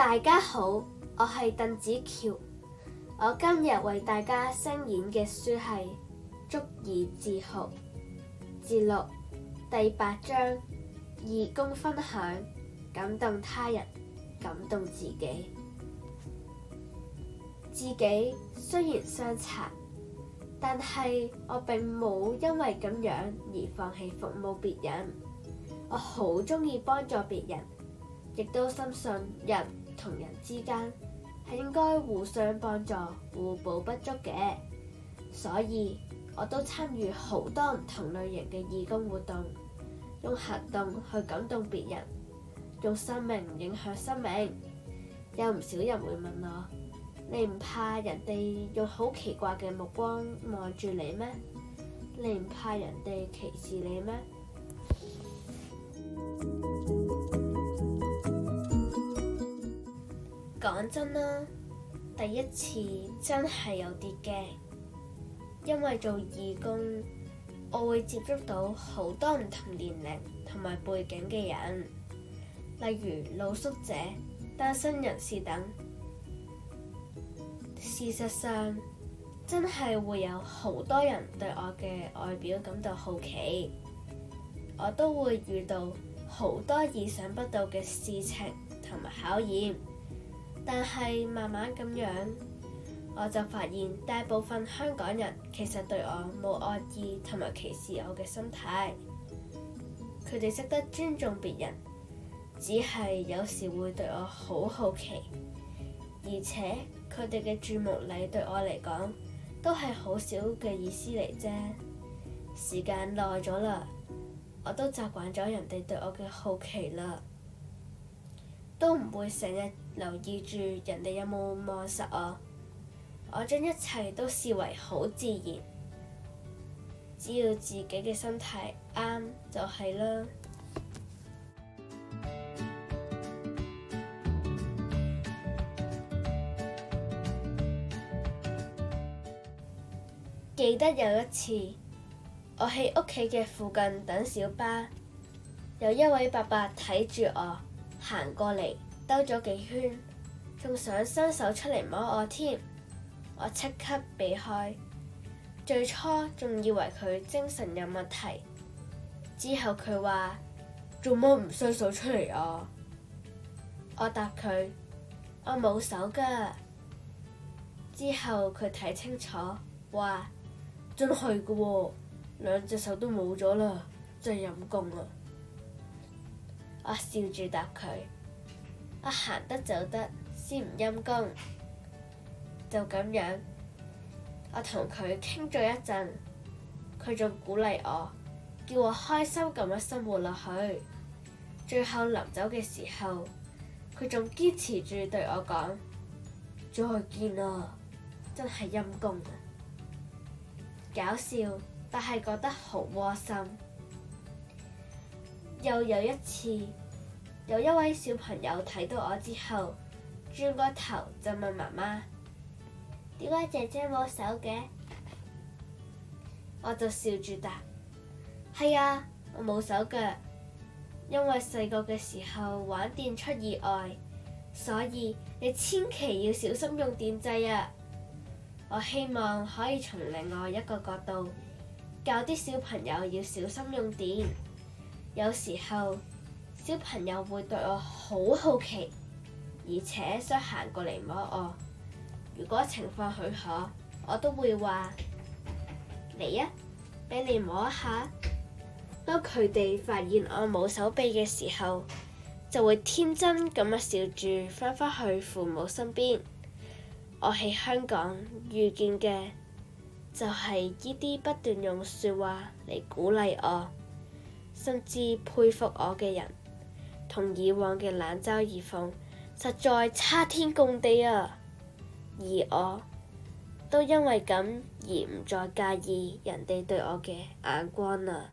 大家好，我係鄧芷翹，我今日為大家聲演嘅書係《足以自豪》節錄第八章，義工分享，感動他人，感動自己。自己雖然傷殘，但係我並冇因為咁樣而放棄服務別人。我好鍾意幫助別人，亦都深信人同人之間係應該互相幫助、互補不足嘅，所以我都參與好多唔同類型嘅義工活動，用行動去感動別人，用生命影響生命。有唔少人會問我：你唔怕人哋用好奇怪嘅目光望住你咩？你唔怕人哋歧視你咩？講真啦，第一次真係有啲驚，因為做義工，我會接觸到好多唔同年齡同埋背景嘅人，例如露宿者、單身人士等。事實上，真係會有好多人對我嘅外表感到好奇。我都會遇到好多意想不到嘅事情同埋考驗。但係慢慢咁樣，我就發現大部分香港人其實對我冇惡意同埋歧視我嘅心態。佢哋識得尊重別人，只係有時會對我好好奇，而且佢哋嘅注目禮對我嚟講都係好少嘅意思嚟啫。時間耐咗啦，我都習慣咗人哋對我嘅好奇啦。都唔會成日留意住人哋有冇望實我，我將一切都視為好自然，只要自己嘅身體啱就係啦。 記得有一次，我喺屋企嘅附近等小巴，有一位伯伯睇住我。行過嚟，兜咗幾圈，仲想伸手出嚟摸我添，我即刻避開。最初仲以為佢精神有問題，之後佢話做乜唔伸手出嚟啊？我答佢，我冇手噶。之後佢睇清楚，話真係噶喎，兩隻手都冇咗啦，真係陰功啊！我笑住答佢，我行得走得，先唔陰公，就咁樣。我同佢傾咗一陣，佢仲鼓勵我，叫我開心咁樣生活落去。最後臨走嘅時候，佢仲堅持住對我講： 再見啊！真係陰公啊！搞笑，但係覺得好窩心。又有一次，有一位小朋友睇到我之後，轉個頭就問媽媽：點解姐姐冇手嘅？我就笑住答：係啊，我冇手腳，因為細個嘅時候玩電出意外，所以你千祈要小心用電掣啊！我希望可以從另外一個角度教啲小朋友要小心用電。有時候，小朋友會對我好好奇，而且想行過嚟摸我。如果情況許可，我都會話：嚟啊，畀你摸一下。當佢哋發現我冇手臂嘅時候，就會天真咁樣笑住翻返去父母身邊。我喺香港遇見嘅就係呢啲不斷用説話嚟鼓勵我，甚至佩服我嘅人，同以往嘅冷嘲熱諷實在差天共地啊！而我都因為咁而唔再介意人哋對我嘅眼光啦，啊。